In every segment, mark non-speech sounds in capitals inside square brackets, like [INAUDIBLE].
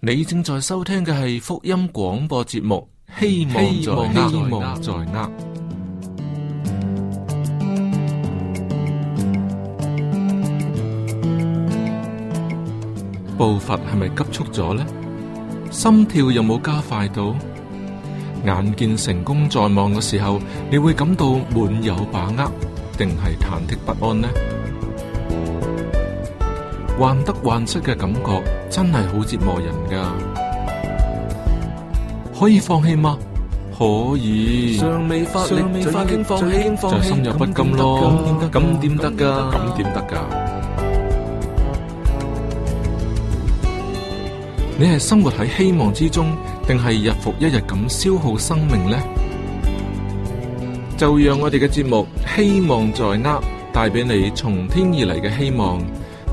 你正在收聽嘅係福音廣播節目，希望在握。希望在握。步伐係咪急促咗呢？心跳有冇加快到？眼見成功在望嘅時候，你會感到滿有把握，定係忐忑不安呢？患得患失嘅感覺真係好折磨人噶，可以放棄嗎？可以。尚未發力，就放棄，就心有不甘咯。咁點得噶？咁點得噶？你係生活喺希望之中，定係日復一日咁消耗生命呢？就讓我哋嘅節目《希望在握》帶俾你從天而嚟嘅希望。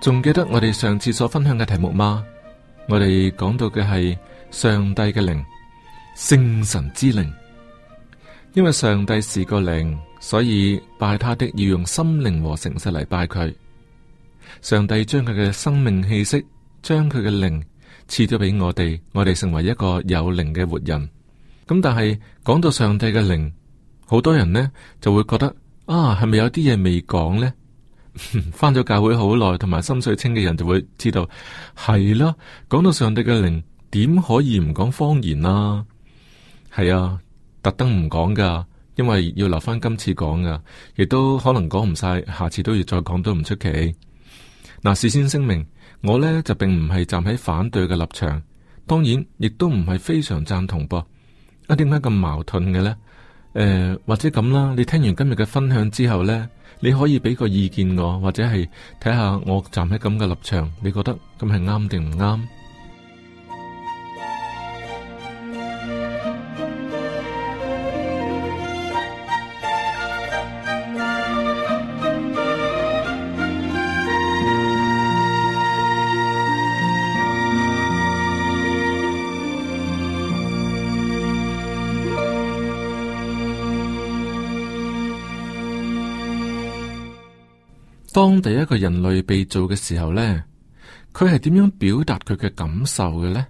仲記得我哋上次所分享嘅題目嗎？我哋講到嘅係上帝嘅靈，聖神之靈。因為上帝是個靈，所以拜他的要用心靈和誠實嚟拜佢。上帝將佢嘅生命氣息，將佢嘅靈賜咗俾我哋，我哋成為一個有靈嘅活人。咁但係講到上帝嘅靈，好多人呢就會覺得啊，係咪有啲嘢未講呢？翻咗 [LAUGHS] 教會好耐，同埋心水清嘅人就會知道係啦。講到上帝嘅靈，點可以唔講方言啊？係啊，特登唔講噶，因為要留翻今次講噶，亦都可能講唔晒，下次都要再講都唔出奇。嗱，事先聲明，我呢就並唔係站喺反對嘅立場，當然亦都唔係非常贊同噃。啊，點解咁矛盾嘅呢？誒、呃，或者咁啦，你聽完今日嘅分享之後呢，你可以畀個意見我，或者係睇下我站喺咁嘅立場，你覺得咁係啱定唔啱？當第一個人類被造嘅時候咧，佢係點樣表達佢嘅感受嘅咧？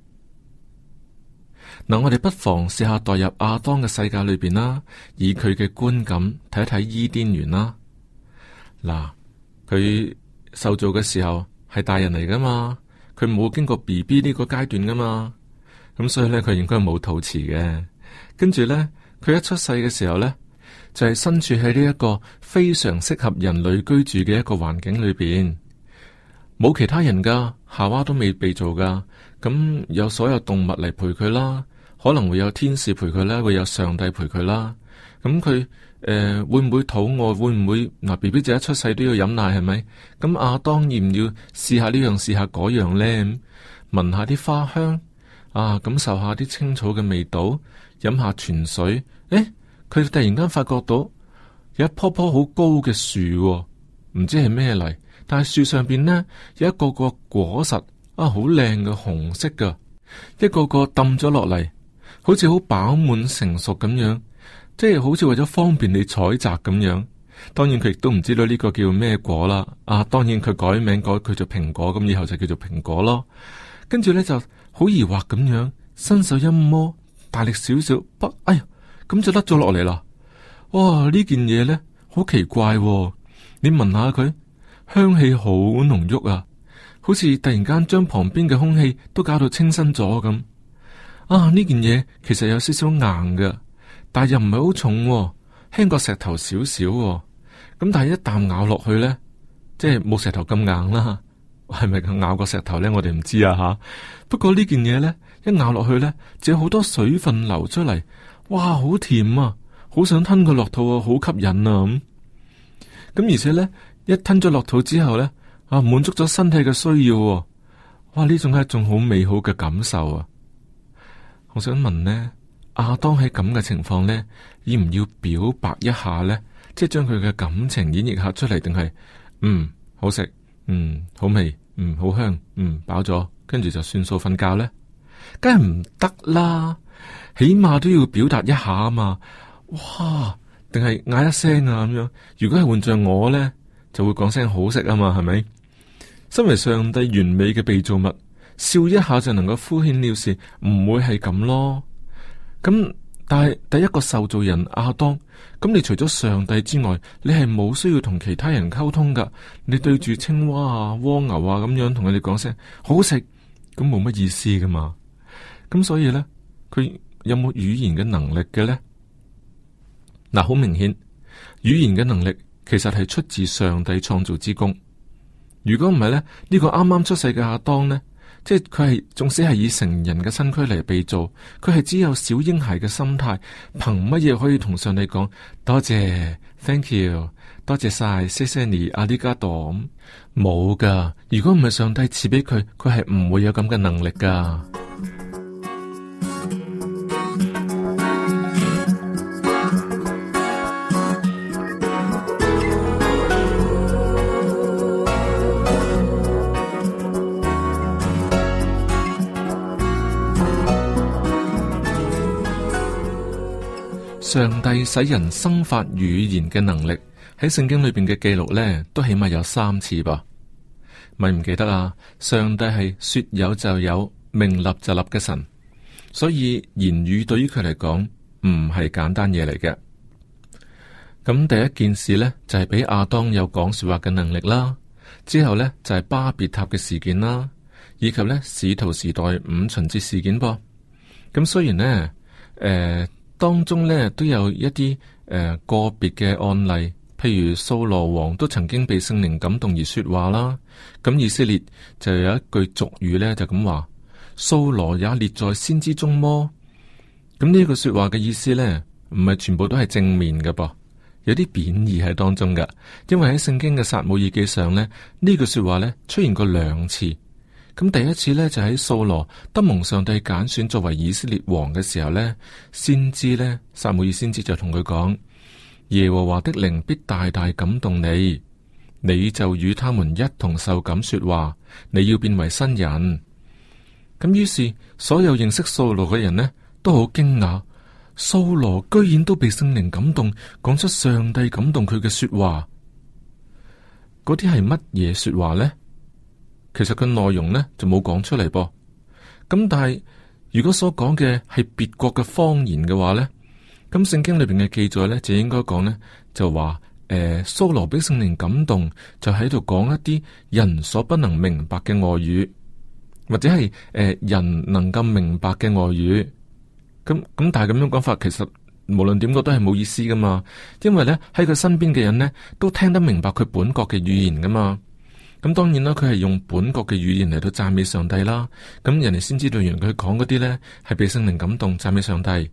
嗱，我哋不妨試下代入亞當嘅世界裏邊啦，以佢嘅觀感睇一睇伊甸園啦。嗱，佢受造嘅時候係大人嚟噶嘛，佢冇經過 BB 呢個階段噶嘛，咁所以咧佢應該係冇肚臍嘅。跟住咧，佢一出世嘅時候咧。就係身處喺呢一個非常適合人類居住嘅一個環境裏邊，冇其他人噶，夏娃都未被做噶，咁有所有動物嚟陪佢啦，可能會有天使陪佢啦，會有上帝陪佢啦，咁佢誒會唔會肚餓？會唔會嗱 B B 仔一出世都要飲奶係咪？咁亞、啊、當然要唔要試下呢樣試下嗰樣呢？聞下啲花香啊，感受下啲青草嘅味道，飲下泉水，誒、欸。佢突然間發覺到有一棵棵好高嘅樹，哦，唔知係咩嚟，但係樹上邊呢，有一個個果實啊，好靚嘅紅色噶，一個個揼咗落嚟，好似好飽滿成熟咁樣，即係好似為咗方便你採摘咁樣。當然佢亦都唔知道呢個叫咩果啦，啊，當然佢改名改佢做蘋果，咁，啊、以後就叫做蘋果咯。跟住咧就好疑惑咁樣，伸手一摸，大力少少，不，哎呀！咁就甩咗落嚟啦！哇，呢件嘢咧，好奇怪、喎，你聞下佢，香氣好濃郁啊，好似突然間將旁邊嘅空氣都搞到清新咗咁。啊，呢件嘢其實有少少硬噶，但係又唔係好重、喎，輕過石頭少少、喎。咁但係一啖咬落去咧，即係冇石頭咁硬啦，係咪咬過石頭咧？我哋唔知啊吓。不過呢件嘢咧，一咬落去咧，就有好多水分流出嚟。哇，好甜啊！好想吞佢落肚啊，好吸引啊咁。咁、嗯、而且咧，一吞咗落肚之後咧，啊滿足咗身體嘅需要、啊。哇，呢種係一種好美好嘅感受啊！我想問呢，阿當喺咁嘅情況咧，要唔要表白一下咧？即係將佢嘅感情演繹下出嚟，定係嗯好食，嗯，好，嗯好味，嗯好香，嗯飽咗，跟住就算數瞓覺咧？梗係唔得啦！起碼都要表達一下嘛，哇，定係嗌一聲啊，咁樣。如果係換着我呢，就會講聲好食啊嘛，係咪？身為上帝完美嘅被造物，笑一下就能夠敷衍了事，唔會係咁咯。咁但係第一個受造人阿當，咁你除咗上帝之外，你係冇需要同其他人溝通噶。你對住青蛙啊、蝸牛啊咁樣同佢哋講聲好食，咁冇乜意思噶嘛。咁所以呢。佢有冇語言嘅能力嘅咧？嗱、啊，好明顯，語言嘅能力其實係出自上帝創造之功。如果唔係咧，呢、這個啱啱出世嘅亞當呢，即係佢係，縱使係以成人嘅身軀嚟被造，佢係只有小嬰孩嘅心態，憑乜嘢可以同上帝講多謝？Thank you，多謝晒，謝謝你，阿里加多。冇噶，如果唔係上帝賜俾佢，佢係唔會有咁嘅能力噶。上帝使人生發語言嘅能力，喺聖經裏邊嘅記錄呢，都起碼有三次吧？咪唔記得啦？上帝係說有就有，命立就立嘅神，所以言語對於佢嚟講唔係簡單嘢嚟嘅。咁第一件事呢，就係、是、俾亞當有講說話嘅能力啦，之後呢，就係、是、巴別塔嘅事件啦，以及呢，使徒時代五旬節事件噃。咁雖然呢，誒、呃。當中呢，都有一啲誒、呃、個別嘅案例，譬如掃羅王都曾經被聖靈感動而說話啦。咁以色列就有一句俗語呢，就咁話：「掃羅也列在先知中麼？」咁呢句說話嘅意思呢，唔係全部都係正面嘅噃，有啲貶義喺當中嘅。因為喺聖經嘅撒母耳記上呢，呢句說話呢出現過兩次。咁第一次呢，就喺掃羅得蒙上帝揀選作為以色列王嘅時候呢，先知呢，撒母耳先知就同佢講：耶和華的靈必大大感動你，你就與他們一同受感說話，你要變為新人。咁於是所有認識掃羅嘅人呢，都好驚訝，掃羅居然都被聖靈感動，講出上帝感動佢嘅說話。嗰啲係乜嘢說話呢？其實佢內容呢就冇講出嚟噃，咁但係如果所講嘅係別國嘅方言嘅話呢，咁聖經裏邊嘅記載呢，就應該講呢，就話，誒、呃，蘇羅被聖靈感動，就喺度講一啲人所不能明白嘅外語，或者係誒、呃、人能夠明白嘅外語。咁咁但係咁樣講法，其實無論點講都係冇意思噶嘛，因為呢，喺佢身邊嘅人呢，都聽得明白佢本國嘅語言噶嘛。咁當然啦，佢係用本國嘅語言嚟到讚美上帝啦。咁人哋先知道原來佢講嗰啲呢係被聖靈感動讚美上帝。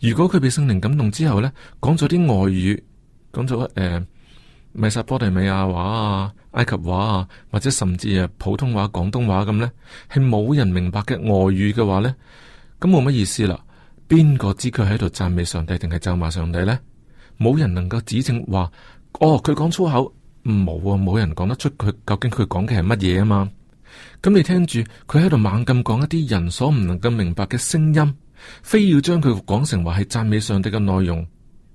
如果佢被聖靈感動之後呢，講咗啲外語，講咗誒米沙波提美亞話啊、埃及話啊，或者甚至係普通話、廣東話咁呢，係冇人明白嘅外語嘅話呢。咁冇乜意思啦。邊個知佢喺度讚美上帝定係咒罵上帝呢？冇人能夠指證話，哦，佢講粗口。冇啊！冇人講得出佢究竟佢講嘅係乜嘢啊嘛！咁你聽住佢喺度猛咁講一啲人所唔能夠明白嘅聲音，非要將佢講成話係讚美上帝嘅內容，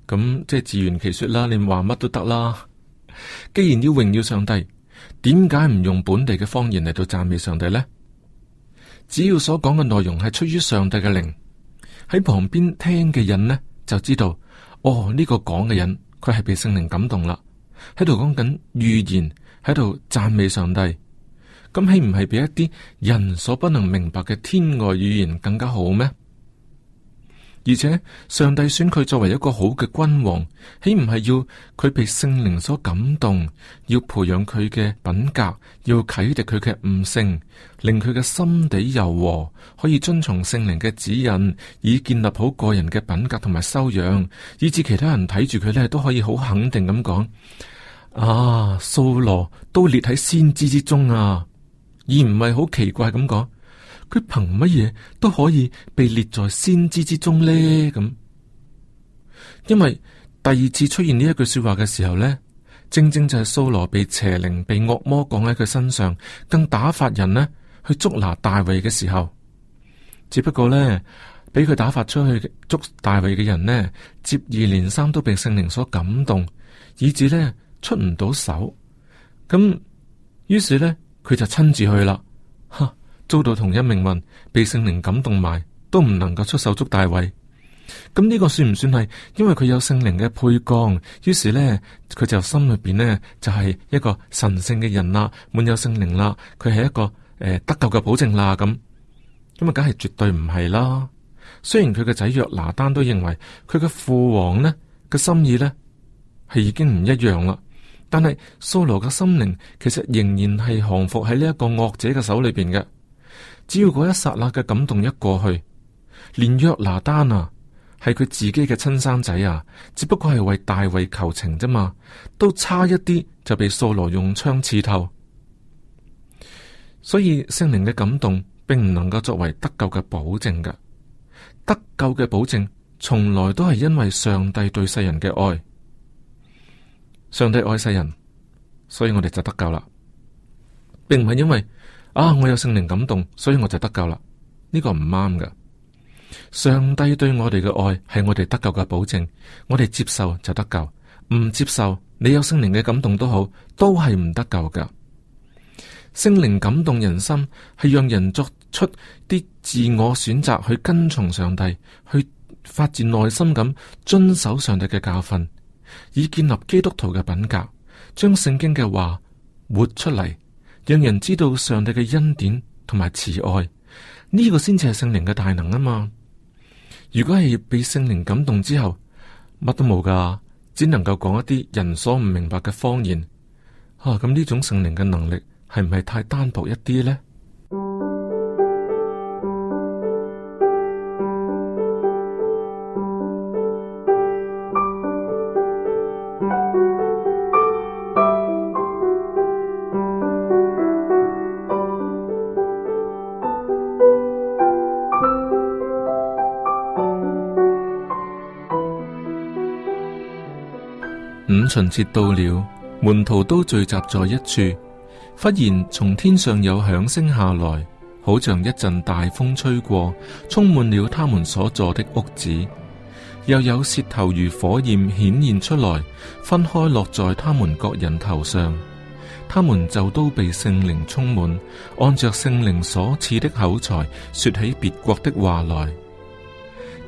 咁即係自圓其說啦！你話乜都得啦！既然要榮耀上帝，點解唔用本地嘅方言嚟到讚美上帝呢？只要所講嘅內容係出於上帝嘅靈，喺旁邊聽嘅人呢就知道哦，呢個講嘅人佢係被聖靈感動啦。喺度講緊預言，喺度讚美上帝。咁豈唔係比一啲人所不能明白嘅天外語言更加好咩？而且上帝選佢作為一個好嘅君王，豈唔係要佢被聖靈所感動，要培養佢嘅品格，要啟迪佢嘅悟性，令佢嘅心底柔和，可以遵從聖靈嘅指引，以建立好個人嘅品格同埋修養，以至其他人睇住佢呢都可以好肯定咁講。啊！蘇羅都列喺先知之中啊，而唔係好奇怪咁講。佢憑乜嘢都可以被列在先知之中呢？咁，因為第二次出現呢一句說話嘅時候呢，正正就係蘇羅被邪靈、被惡魔降喺佢身上，更打發人呢去捉拿大衛嘅時候。只不過呢，俾佢打發出去捉大衛嘅人呢，接二連三都被聖靈所感動，以致呢。出唔到手，咁於是呢，佢就親自去啦，哈，遭到同一命運，被聖靈感動埋，都唔能夠出手捉大衛。咁呢個算唔算係？因為佢有聖靈嘅配降，於是呢，佢就心裏邊呢，就係、是、一個神聖嘅人啦，滿有聖靈啦，佢係一個誒、呃、得救嘅保證啦。咁咁啊，梗係絕對唔係啦。雖然佢嘅仔約拿單都認為佢嘅父王呢，嘅心意呢，係已經唔一樣啦。但係，掃羅嘅心靈其實仍然係降服喺呢一個惡者嘅手裏邊嘅。只要嗰一剎那嘅感動一過去，連約拿單啊，係佢自己嘅親生仔啊，只不過係為大衛求情啫嘛，都差一啲就被掃羅用槍刺透。所以，聖靈嘅感動並唔能夠作為得救嘅保證嘅。得救嘅保證從來都係因為上帝對世人嘅愛。上帝愛世人，所以我哋就得救啦，並唔係因為啊我有聖靈感動，所以我就得救啦。呢個唔啱嘅。上帝對我哋嘅愛係我哋得救嘅保證，我哋接受就得救，唔接受，你有聖靈嘅感動都好，都係唔得救噶。聖靈感動人心，係讓人作出啲自我選擇去跟從上帝，去發自內心咁遵守上帝嘅教訓。以建立基督徒嘅品格，將聖經嘅話活出嚟，讓人知道上帝嘅恩典同埋慈愛，呢個先至係聖靈嘅大能啊嘛！如果係被聖靈感動之後，乜都冇噶，只能夠講一啲人所唔明白嘅方言啊！咁呢種聖靈嘅能力係唔係太單薄一啲呢？五旬節到了，門徒都聚集在一處。忽然從天上有響聲下來，好像一陣大風吹過，充滿了他們所坐的屋子。又有舌頭如火焰顯現出來，分開落在他們各人頭上。他們就都被聖靈充滿，按着聖靈所賜的口才說起別國的話來。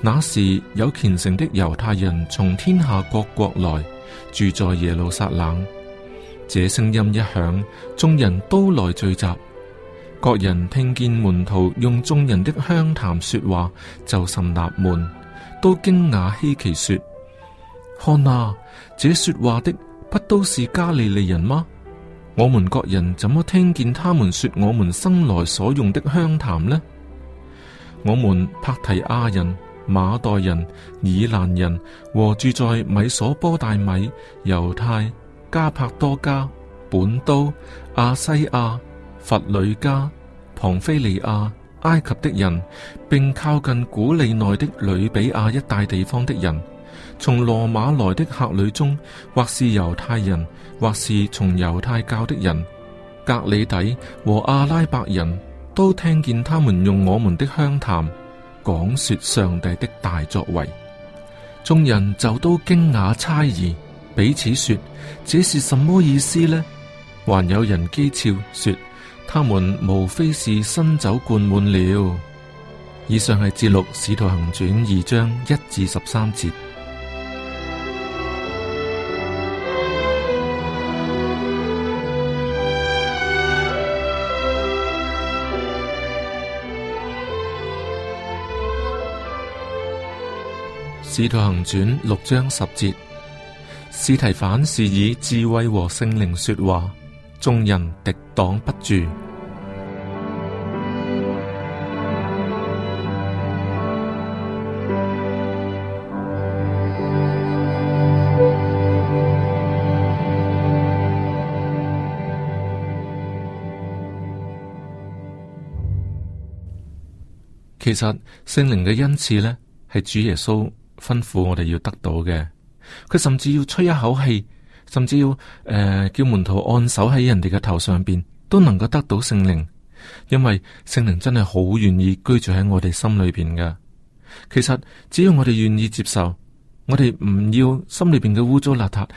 那時有虔誠的猶太人從天下各國來。住在耶路撒冷，這聲音一響，眾人都來聚集。各人聽見門徒用眾人的鄉談說話，就甚納悶，都驚訝稀奇說：看啊，這說話的不都是加利利人嗎？我們各人怎麼聽見他們說我們生來所用的鄉談呢？我們帕提亞人。馬代人、以蘭人和住在米索波大米、猶太、加帕多加、本都、亞西亞、佛里加、龐菲利亞、埃及的人，並靠近古里內的呂比亞一帶地方的人，從羅馬來的客旅中，或是猶太人，或是從猶太教的人、格里底和阿拉伯人都聽見他們用我們的鄉談講說上帝的大作為，眾人就都驚訝猜疑，彼此說這是什麼意思呢？還有人譏笑，說，他們無非是新酒灌滿了。以上係節錄使徒行傳二章一至十三節。使徒行傳六章十節，司提反是以智慧和聖靈說話，眾人敵擋不住。其實聖靈嘅恩賜呢，係主耶穌。吩咐我哋要得到嘅。佢甚至要吹一口氣，甚至要誒、呃、叫門徒按手喺人哋嘅頭上邊都能夠得到聖靈，因為聖靈真係好願意居住喺我哋心裏邊嘅。其實只要我哋願意接受，我哋唔要心裏邊嘅污糟邋遢，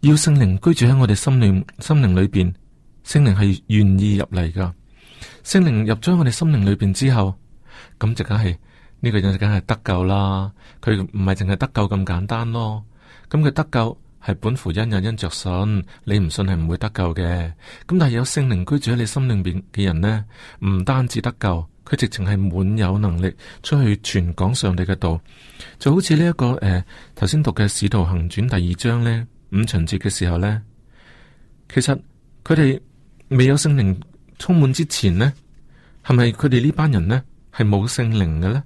要聖靈居住喺我哋心裏心靈裏邊，聖靈係願意入嚟噶。聖靈入咗我哋心靈裏邊之後，咁即刻係。呢個人梗係得救啦，佢唔係淨係得救咁簡單咯。咁佢得救係本乎恩也因着信，你唔信係唔會得救嘅。咁但係有聖靈居住喺你心裏邊嘅人呢，唔單止得救，佢直情係滿有能力出去傳講上帝嘅道。就好似呢一個誒頭先讀嘅《使徒行傳》第二章呢，五旬節嘅時候呢，其實佢哋未有聖靈充滿之前呢，係咪佢哋呢班人呢，係冇聖靈嘅呢？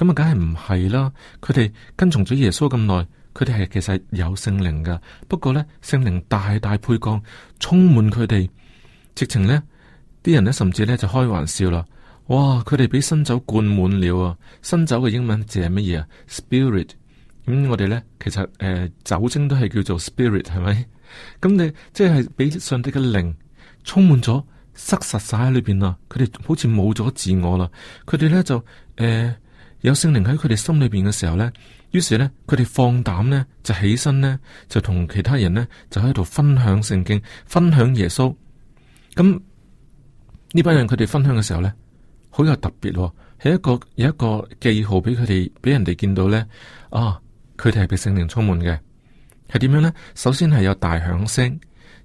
咁啊，梗係唔係啦！佢哋跟從咗耶穌咁耐，佢哋係其實有聖靈噶，不過咧聖靈大大配降，充滿佢哋，直情咧啲人咧甚至咧就開玩笑啦！哇，佢哋俾新酒灌滿了啊！新酒嘅英文字係乜嘢啊？spirit、嗯。咁我哋咧其實誒、呃、酒精都係叫做 spirit 係咪？咁、嗯、你即係俾上帝嘅靈充滿咗，塞實晒喺裏邊啦。佢哋好似冇咗自我啦，佢哋咧就誒。呃有聖靈喺佢哋心裏邊嘅時候咧，於是咧佢哋放膽咧就起身咧就同其他人咧就喺度分享聖經、分享耶穌。咁呢班人佢哋分享嘅時候咧，好有特別喎、哦，係一個有一個記號俾佢哋俾人哋見到咧，啊，佢哋係被聖靈充滿嘅，係點樣咧？首先係有大響聲，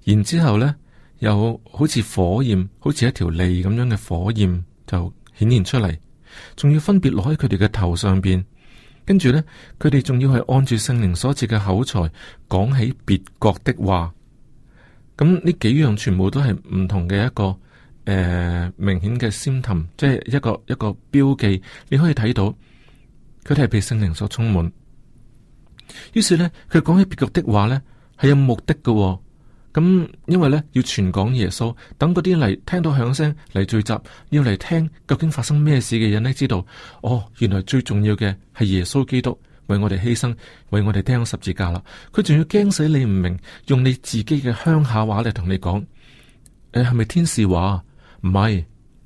然之後咧有好似火焰，好似一條脷咁樣嘅火焰就顯現出嚟。仲要分別落喺佢哋嘅頭上邊，跟住呢，佢哋仲要係按住聖靈所賜嘅口才講起別國的話。咁呢幾樣全部都係唔同嘅一個誒、呃、明顯嘅 symptom，即係一個一個標記。你可以睇到佢哋係被聖靈所充滿。於是呢，佢講起別國的話呢，係有目的嘅、哦。咁、嗯，因為咧要傳講耶穌等嗰啲嚟聽到響聲嚟聚集，要嚟聽究竟發生咩事嘅人呢？知道哦，原來最重要嘅係耶穌基督為我哋犧牲，為我哋聽十字架啦。佢仲要驚死你唔明，用你自己嘅鄉下話嚟同你講誒，係、哎、咪天使話唔係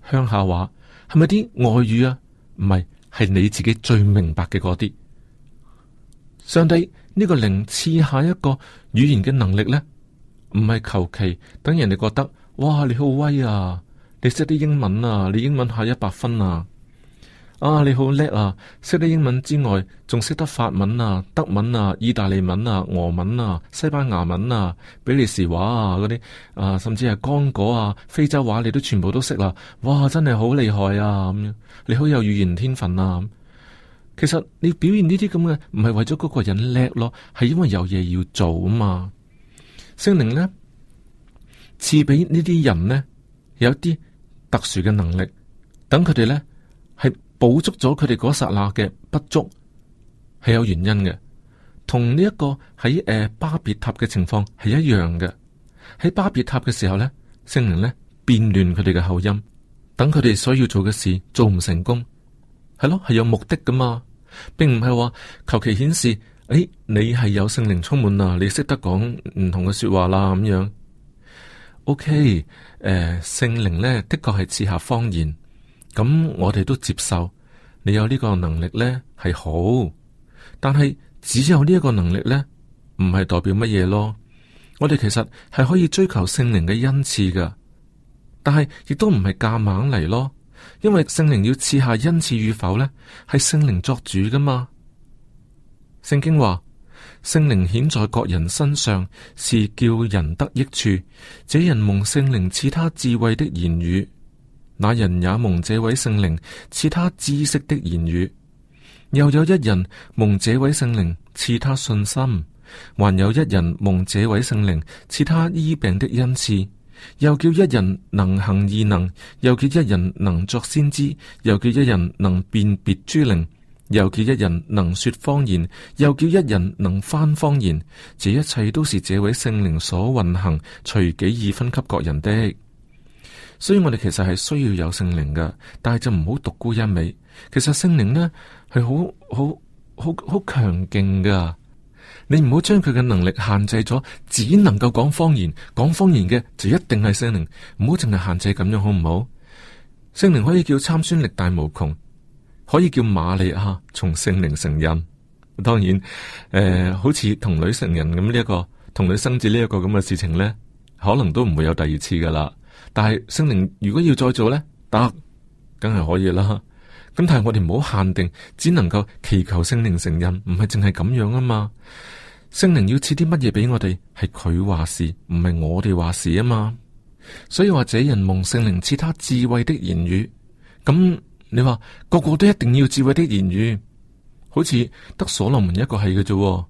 鄉下話，係咪啲外語啊？唔係，係你自己最明白嘅嗰啲。上帝呢、這個靈賜下一個語言嘅能力呢。唔係求其等人哋覺得，哇！你好威啊！你識啲英文啊！你英文下一百分啊！啊！你好叻啊！識啲英文之外，仲識得法文啊、德文啊、意大利文啊、俄文啊、西班牙文啊、比利時話啊嗰啲啊，甚至係剛果啊、非洲話啊，你都全部都識啦啊！哇！真係好厲害啊！咁樣，你好有語言天分啊！其實你表現呢啲咁嘅，唔係為咗嗰個人叻咯，係因為有嘢要做啊嘛。聖靈呢，賜俾呢啲人呢，有一啲特殊嘅能力，等佢哋呢，係補足咗佢哋嗰剎那嘅不足，係有原因嘅，同呢一個喺、呃、巴別塔嘅情況係一樣嘅。喺巴別塔嘅時候呢，聖靈呢，變亂佢哋嘅口音，等佢哋所要做嘅事做唔成功，係咯係有目的㗎嘛，並唔係話求其顯示。誒，你係有聖靈充滿啊！你識得講唔同嘅說話啦，咁樣。O K，誒，聖靈咧的確係賜下方言，咁我哋都接受。你有呢個能力咧係好，但係只有呢一個能力咧唔係代表乜嘢咯。我哋其實係可以追求聖靈嘅恩賜噶，但係亦都唔係夾硬嚟咯，因為聖靈要賜下恩賜與否咧係聖靈作主噶嘛。聖經話：聖靈顯在各人身上，是叫人得益處。這人蒙聖靈賜他智慧的言語，那人也蒙這位聖靈賜他知識的言語。又有一人蒙這位聖靈賜他信心，還有一人蒙這位聖靈賜他醫病的恩賜。又叫一人能行異能，又叫一人能作先知，又叫一人能辨別諸靈。又叫一人能說方言，又叫一人能翻方言，這一切都是這位聖靈所運行，隨己意分給各人的。所以我哋其實係需要有聖靈嘅，但係就唔好獨沽一味。其實聖靈呢係好好好好強勁嘅，你唔好將佢嘅能力限制咗，只能夠講方言。講方言嘅就一定係聖靈，唔好淨係限制咁樣，好唔好？聖靈可以叫參孫力大無窮。可以叫瑪利亞從聖靈承認，當然，誒、呃，好似同女成人咁呢一個同女生子呢一個咁嘅事情咧，可能都唔會有第二次噶啦。但係聖靈如果要再做咧，得，梗係可以啦。咁但係我哋唔好限定，只能夠祈求聖靈承認，唔係淨係咁樣啊嘛。聖靈要賜啲乜嘢俾我哋，係佢話事，唔係我哋話事啊嘛。所以話，這人蒙聖靈賜他智慧的言語，咁。你話個個都一定要智慧的言語，好似得所羅門一個係嘅啫。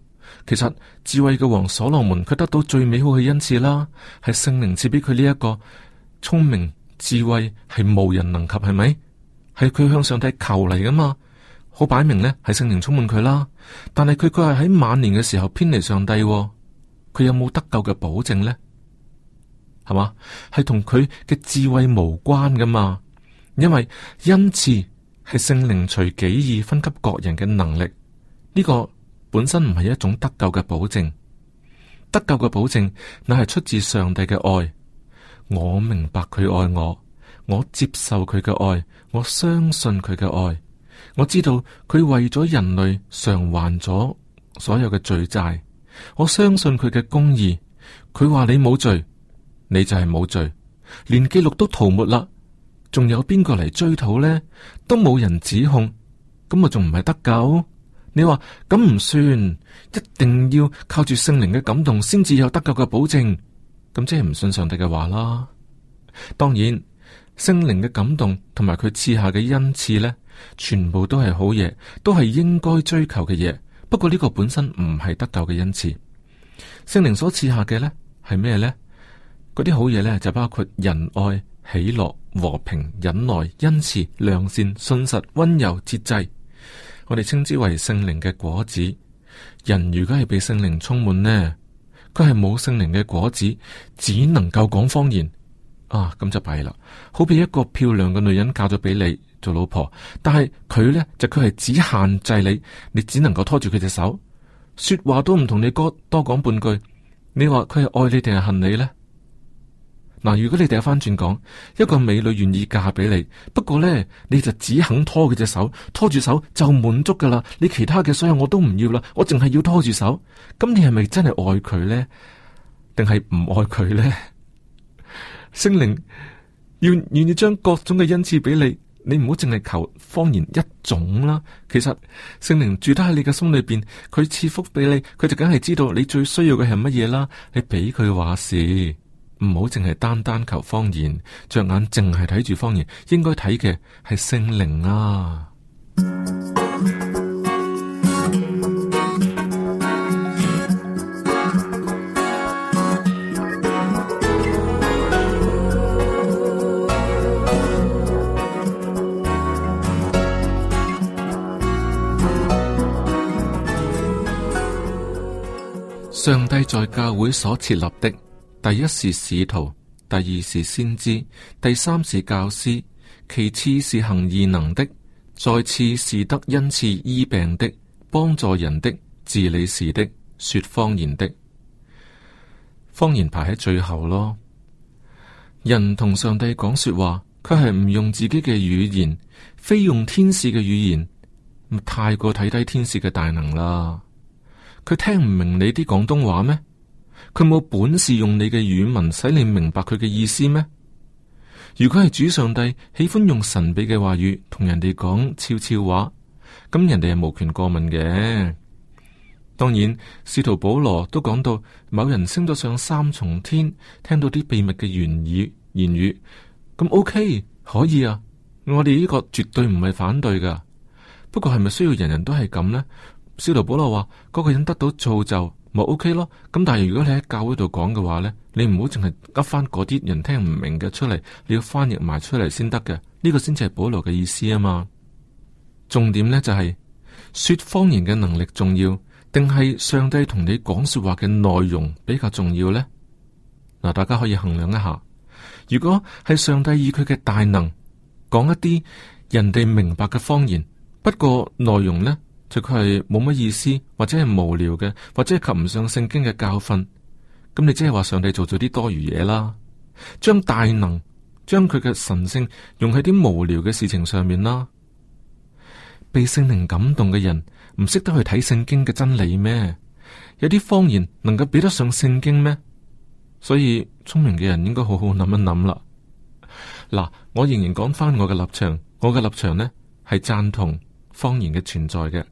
其實智慧嘅王所羅門，佢得到最美好嘅恩賜啦，係聖靈賜俾佢呢一個聰明智慧，係無人能及，係咪？係佢向上帝求嚟噶嘛，好擺明呢，係聖靈充滿佢啦。但係佢佢係喺晚年嘅時候偏離上帝啊，佢有冇得救嘅保證呢？係嘛，係同佢嘅智慧無關噶嘛。因為恩賜係聖靈隨己意分給各人嘅能力，呢個本身唔係一種得救嘅保證。得救嘅保證，乃係出自上帝嘅愛。我明白佢愛我，我接受佢嘅愛，我相信佢嘅愛。我知道佢為咗人類償還咗所有嘅罪債。我相信佢嘅公義。佢話你冇罪，你就係冇罪，連記錄都塗沒啦。仲有邊個嚟追討呢？都冇人指控，咁啊仲唔係得救？你話咁唔算，一定要靠住聖靈嘅感動先至有得救嘅保證，咁即係唔信上帝嘅話啦。當然，聖靈嘅感動同埋佢賜下嘅恩賜呢，全部都係好嘢，都係應該追求嘅嘢。不過呢個本身唔係得救嘅恩賜，聖靈所賜下嘅呢，係咩呢？嗰啲好嘢呢，就包括仁愛喜樂、喜樂。和平、忍耐、恩慈、良善、信實、温柔、節制，我哋稱之為聖靈嘅果子。人如果係被聖靈充滿呢，佢係冇聖靈嘅果子，只能夠講方言。啊，咁就弊啦，好比一個漂亮嘅女人嫁咗俾你做老婆，但係佢呢，就佢係只限制你，你只能夠拖住佢隻手，說話都唔同你哥多講半句。你話佢係愛你定係恨你呢？嗱，如果你掉翻轉講，一個美女願意嫁俾你，不過呢，你就只肯拖佢隻手，拖住手就滿足噶啦。你其他嘅所有我都唔要啦，我淨係要拖住手。咁你係咪真係愛佢呢？定係唔愛佢呢？聖靈要願意將各種嘅恩賜俾你，你唔好淨係求方言一種啦。其實聖靈住得喺你嘅心裏邊，佢賜福俾你，佢就梗係知道你最需要嘅係乜嘢啦。你俾佢話事。唔好淨係單單求方言，着眼淨係睇住方言，應該睇嘅係聖靈啊！上帝在教會所設立的。第一是使徒，第二是先知，第三是教師，其次是行異能的，再次是得恩賜醫病的，幫助人的，治理事的，說方言的。方言排喺最後咯。人同上帝講說話，佢係唔用自己嘅語言，非用天使嘅語言，太過睇低天使嘅大能啦。佢聽唔明你啲廣東話咩？佢冇本事用你嘅語文使你明白佢嘅意思咩？如果係主上帝喜歡用神秘嘅話語同人哋講悄悄話，咁人哋係無權過問嘅。當然，使徒保羅都講到某人升咗上三重天，聽到啲秘密嘅言語言語，咁 OK 可以啊。我哋呢個絕對唔係反對噶，不過係咪需要人人都係咁呢？使徒保羅話嗰個人得到造就。咪 OK 咯，咁但係如果你喺教會度講嘅話咧，你唔好淨係噏翻嗰啲人聽唔明嘅出嚟，你要翻譯埋出嚟先得嘅。呢、這個先至係保羅嘅意思啊嘛。重點咧就係、是、說方言嘅能力重要，定係上帝同你講說話嘅內容比較重要呢？嗱，大家可以衡量一下。如果係上帝以佢嘅大能講一啲人哋明白嘅方言，不過內容呢。就佢係冇乜意思，或者係無聊嘅，或者係及唔上聖經嘅教訓。咁你即係話上帝做咗啲多餘嘢啦，將大能將佢嘅神性用喺啲無聊嘅事情上面啦。被聖靈感動嘅人唔識得去睇聖經嘅真理咩？有啲方言能夠比得上聖經咩？所以聰明嘅人應該好好諗一諗啦。嗱，我仍然講翻我嘅立場，我嘅立場呢係贊同方言嘅存在嘅。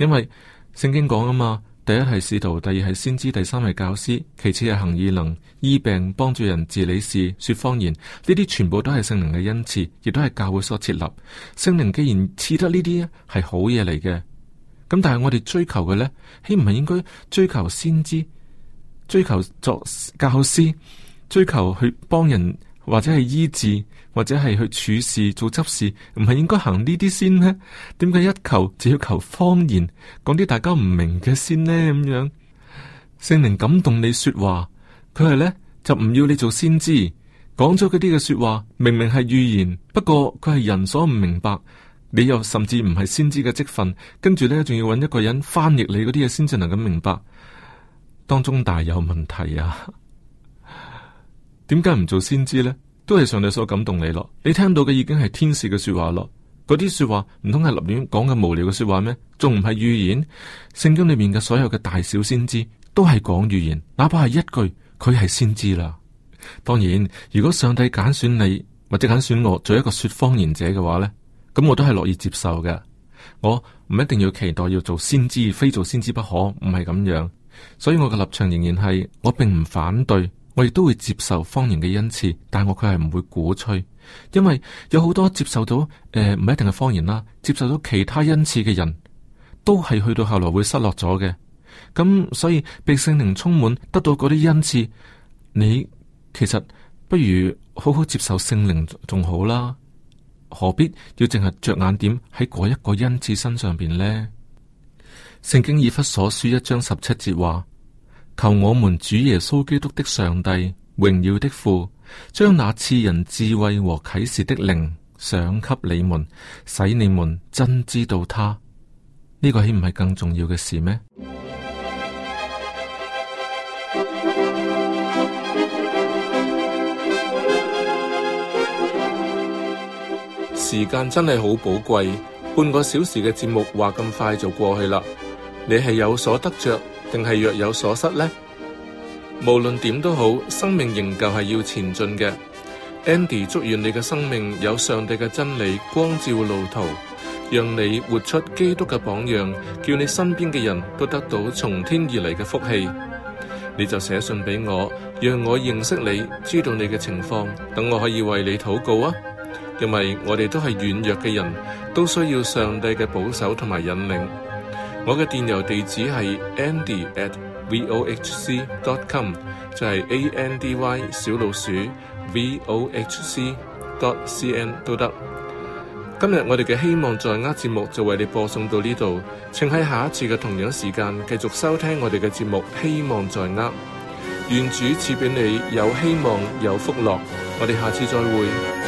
因為聖經講啊嘛，第一係使徒，第二係先知，第三係教師，其次係行異能、醫病、幫助人、治理事、說方言，呢啲全部都係聖靈嘅恩賜，亦都係教會所設立。聖靈既然賜得呢啲係好嘢嚟嘅，咁但係我哋追求嘅呢，豈唔係應該追求先知、追求作教師、追求去幫人或者係醫治？或者係去處事做執事，唔係應該行呢啲先呢？點解一求就要求方言，講啲大家唔明嘅先呢？咁樣聖靈感動你說話，佢係呢，就唔要你做先知，講咗嗰啲嘅說話，明明係預言，不過佢係人所唔明白，你又甚至唔係先知嘅職分。跟住呢，仲要揾一個人翻譯你嗰啲嘢，先至能夠明白，當中大有問題啊！點解唔做先知呢？都係上帝所感動你咯，你聽到嘅已經係天使嘅說話咯，嗰啲說話唔通係立亂講嘅無聊嘅說話咩？仲唔係預言？聖經裏面嘅所有嘅大小先知都係講預言，哪怕係一句，佢係先知啦。當然，如果上帝揀選你或者揀選我做一個說方言者嘅話呢，咁我都係樂意接受嘅。我唔一定要期待要做先知，非做先知不可，唔係咁樣。所以我嘅立場仍然係，我並唔反對。我亦都會接受方言嘅恩賜，但我佢係唔會鼓吹，因為有好多接受到誒唔、呃、一定係方言啦，接受到其他恩賜嘅人都係去到後來會失落咗嘅。咁所以被聖靈充滿，得到嗰啲恩賜，你其實不如好好接受聖靈仲好啦，何必要淨係着眼點喺嗰一個恩賜身上邊呢？《聖經以弗所書》一章十七節話。求我們主耶穌基督的上帝榮耀的父，將那賜人智慧和啟示的靈賞給你們，使你們真知道他。呢個豈唔係更重要嘅事咩？時間真係好寶貴，半個小時嘅節目話咁快就過去啦。你係有所得着，定係若有所失呢？無論點都好，生命仍舊係要前進嘅。Andy，祝願你嘅生命有上帝嘅真理，光照路途，讓你活出基督嘅榜樣，叫你身邊嘅人都得到從天而嚟嘅福氣。你就寫信俾我，讓我認識你，知道你嘅情況，等我可以為你禱告啊！因為我哋都係軟弱嘅人，都需要上帝嘅保守同埋引領。我嘅電郵地址係 andy at vohc dot com，就係 a n d y 小老鼠 v o h c dot c n 都得。今日我哋嘅希望在握節目就為你播送到呢度，請喺下一次嘅同樣時間繼續收聽我哋嘅節目，希望在握。願主賜俾你有希望有福樂，我哋下次再會。